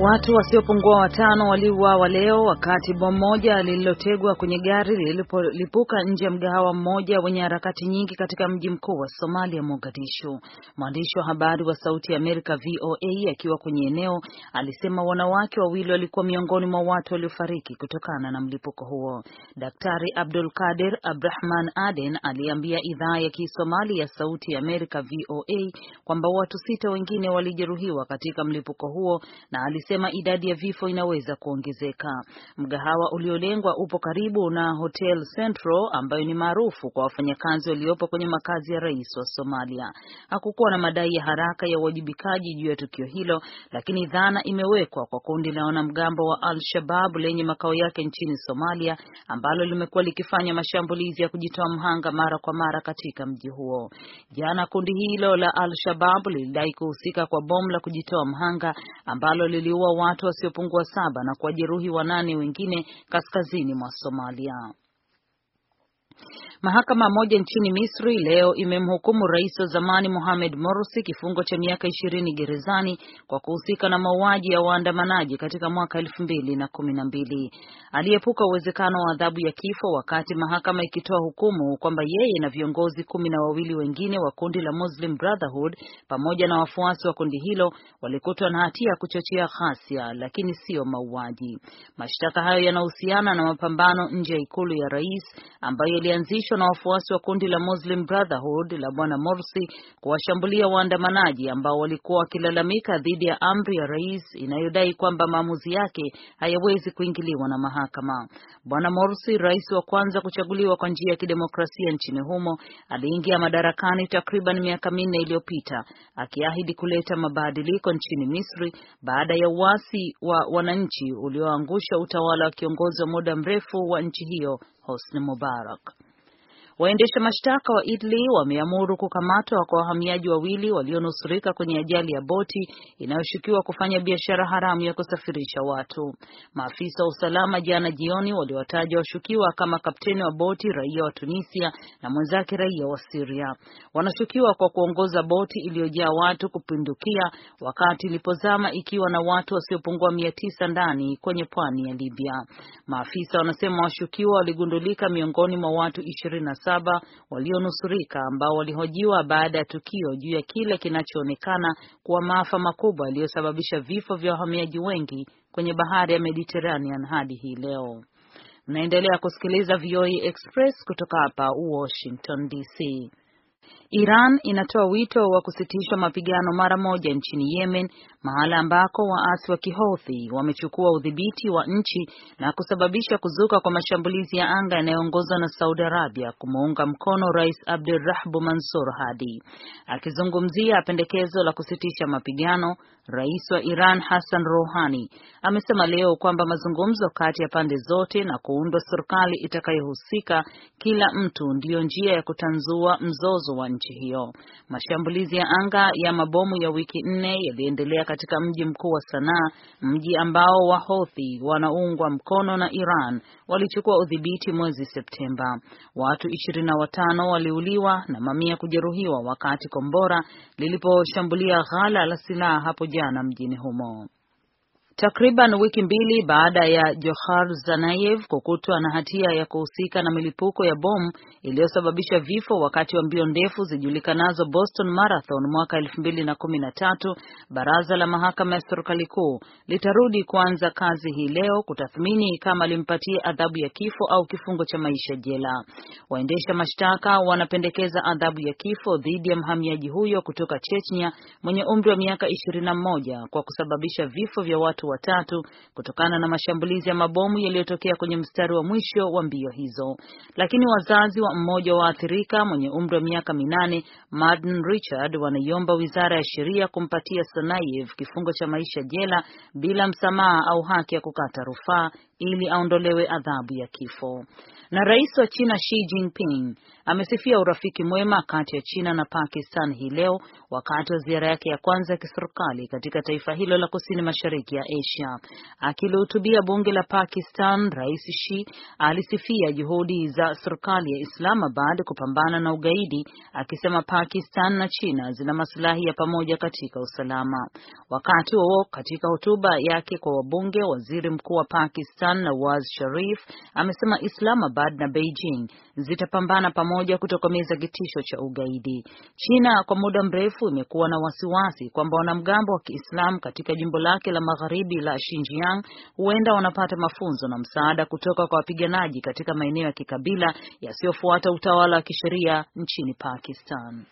Watu wasiopungua watano waliuawa leo wakati bomu moja lililotegwa kwenye gari lilipolipuka nje ya mgahawa mmoja wenye harakati nyingi katika mji mkuu wa Somalia, Mogadishu. Mwandishi wa habari wa Sauti ya Amerika VOA akiwa kwenye eneo alisema wanawake wawili walikuwa miongoni mwa watu waliofariki kutokana na mlipuko huo. Daktari Abdul Kadir Abrahman Aden aliambia idhaa ya Kisomali ya Sauti ya Amerika VOA kwamba watu sita wengine walijeruhiwa katika mlipuko huo na alisema idadi ya vifo inaweza kuongezeka. Mgahawa uliolengwa upo karibu na Hotel Central ambayo ni maarufu kwa wafanyakazi waliopo kwenye makazi ya rais wa Somalia. Hakukuwa na madai ya haraka ya uwajibikaji juu ya tukio hilo, lakini dhana imewekwa kwa kundi la wanamgambo wa Al-Shabab lenye makao yake nchini Somalia ambalo limekuwa likifanya mashambulizi ya kujitoa mhanga mara kwa mara katika mji huo. Jana kundi hilo la Al-Shabab lilidai kuhusika kwa bomu la kujitoa mhanga ambalo lili waliua watu wasiopungua saba na kuwajeruhi wanane wengine kaskazini mwa Somalia. Mahakama moja nchini Misri leo imemhukumu rais wa zamani Mohamed Morsi kifungo cha miaka ishirini gerezani kwa kuhusika na mauaji ya waandamanaji katika mwaka elfu mbili na kumi na mbili. Aliepuka uwezekano wa adhabu ya kifo wakati mahakama ikitoa hukumu kwamba yeye na viongozi kumi na wawili wengine wa kundi la Muslim Brotherhood pamoja na wafuasi wa kundi hilo walikutwa na hatia ya kuchochea ghasia, lakini sio mauaji. Mashtaka hayo yanahusiana na mapambano nje ya ikulu ya rais ambayo ulianzishwa na wafuasi wa kundi la Muslim Brotherhood la Bwana Morsi kuwashambulia waandamanaji ambao walikuwa wakilalamika dhidi ya amri ya rais inayodai kwamba maamuzi yake hayawezi kuingiliwa na mahakama. Bwana Morsi, rais wa kwanza kuchaguliwa kwa njia ya kidemokrasia nchini humo, aliingia madarakani takriban miaka minne iliyopita akiahidi kuleta mabadiliko nchini Misri baada ya uasi wa wananchi ulioangusha utawala wa kiongozi wa muda mrefu wa nchi hiyo Hosni Mubarak. Waendesha mashtaka wa Italy wameamuru kukamatwa kwa wahamiaji wawili walionusurika kwenye ajali ya boti inayoshukiwa kufanya biashara haramu ya kusafirisha watu. Maafisa wa usalama jana jioni waliwataja washukiwa kama kapteni wa boti raia wa Tunisia na mwenzake raia wa Syria. Wanashukiwa kwa kuongoza boti iliyojaa watu kupindukia wakati ilipozama ikiwa na watu wasiopungua mia tisa ndani kwenye pwani ya Libya. Maafisa wanasema washukiwa waligundulika miongoni mwa watu ishirini saba walionusurika ambao walihojiwa baada ya tukio juu ya kile kinachoonekana kuwa maafa makubwa yaliyosababisha vifo vya wahamiaji wengi kwenye bahari ya Mediterranean hadi hii leo. Mnaendelea kusikiliza VOA e Express kutoka hapa Washington DC. Iran inatoa wito wa kusitishwa mapigano mara moja nchini Yemen, mahala ambako waasi wa Kihouthi wamechukua udhibiti wa nchi na kusababisha kuzuka kwa mashambulizi ya anga yanayoongozwa na Saudi Arabia kumuunga mkono Rais Abdurrahbu Mansur Hadi. Akizungumzia pendekezo la kusitisha mapigano, Rais wa Iran Hassan Rouhani amesema leo kwamba mazungumzo kati ya pande zote na kuundwa serikali itakayohusika kila mtu ndiyo njia ya kutanzua mzozo wa nchi hiyo. Mashambulizi ya anga ya mabomu ya wiki nne yaliendelea katika mji mkuu wa Sanaa, mji ambao Wahothi wanaungwa mkono na Iran walichukua udhibiti mwezi Septemba. Watu watano waliuliwa na mamia kujeruhiwa wakati kombora liliposhambulia ghala la silaha hapo jana mjini humo. Takriban wiki mbili baada ya Johar Zanayev kukutwa na hatia ya kuhusika na milipuko ya bomu iliyosababisha vifo wakati wa mbio ndefu zijulikanazo Boston Marathon mwaka 2013, baraza la mahakama ya serikali kuu litarudi kuanza kazi hii leo kutathmini kama limpatie adhabu ya kifo au kifungo cha maisha jela. Waendesha mashtaka wanapendekeza adhabu ya kifo dhidi ya mhamiaji huyo kutoka Chechnya mwenye umri wa miaka 21 kwa kusababisha vifo vya watu watu watatu kutokana na mashambulizi ya mabomu yaliyotokea kwenye mstari wa mwisho wa mbio hizo, lakini wazazi wa mmoja wa waathirika mwenye umri wa miaka minane Martin Richard wanaiomba wizara ya sheria kumpatia Tsarnaev kifungo cha maisha jela bila msamaha au haki ya kukata rufaa ili aondolewe adhabu ya kifo. Na rais wa China Xi Jinping amesifia urafiki mwema kati ya China na Pakistan hii leo wakati wa ziara yake ya kwanza ya kiserikali katika taifa hilo la kusini mashariki ya Asia. Akilihutubia bunge la Pakistan, Rais Xi alisifia juhudi za serikali ya Islamabad kupambana na ugaidi, akisema Pakistan na China zina masilahi ya pamoja katika usalama. Wakati huo, katika hotuba yake kwa wabunge, waziri mkuu wa Pakistan Pakistan Nawaz Sharif amesema Islamabad na Beijing zitapambana pamoja kutokomeza kitisho cha ugaidi. China kwa muda mrefu imekuwa na wasiwasi kwamba wanamgambo wa Kiislamu katika jimbo lake la magharibi la Xinjiang huenda wanapata mafunzo na msaada kutoka kwa wapiganaji katika maeneo ya kikabila yasiyofuata utawala wa kisheria nchini Pakistan.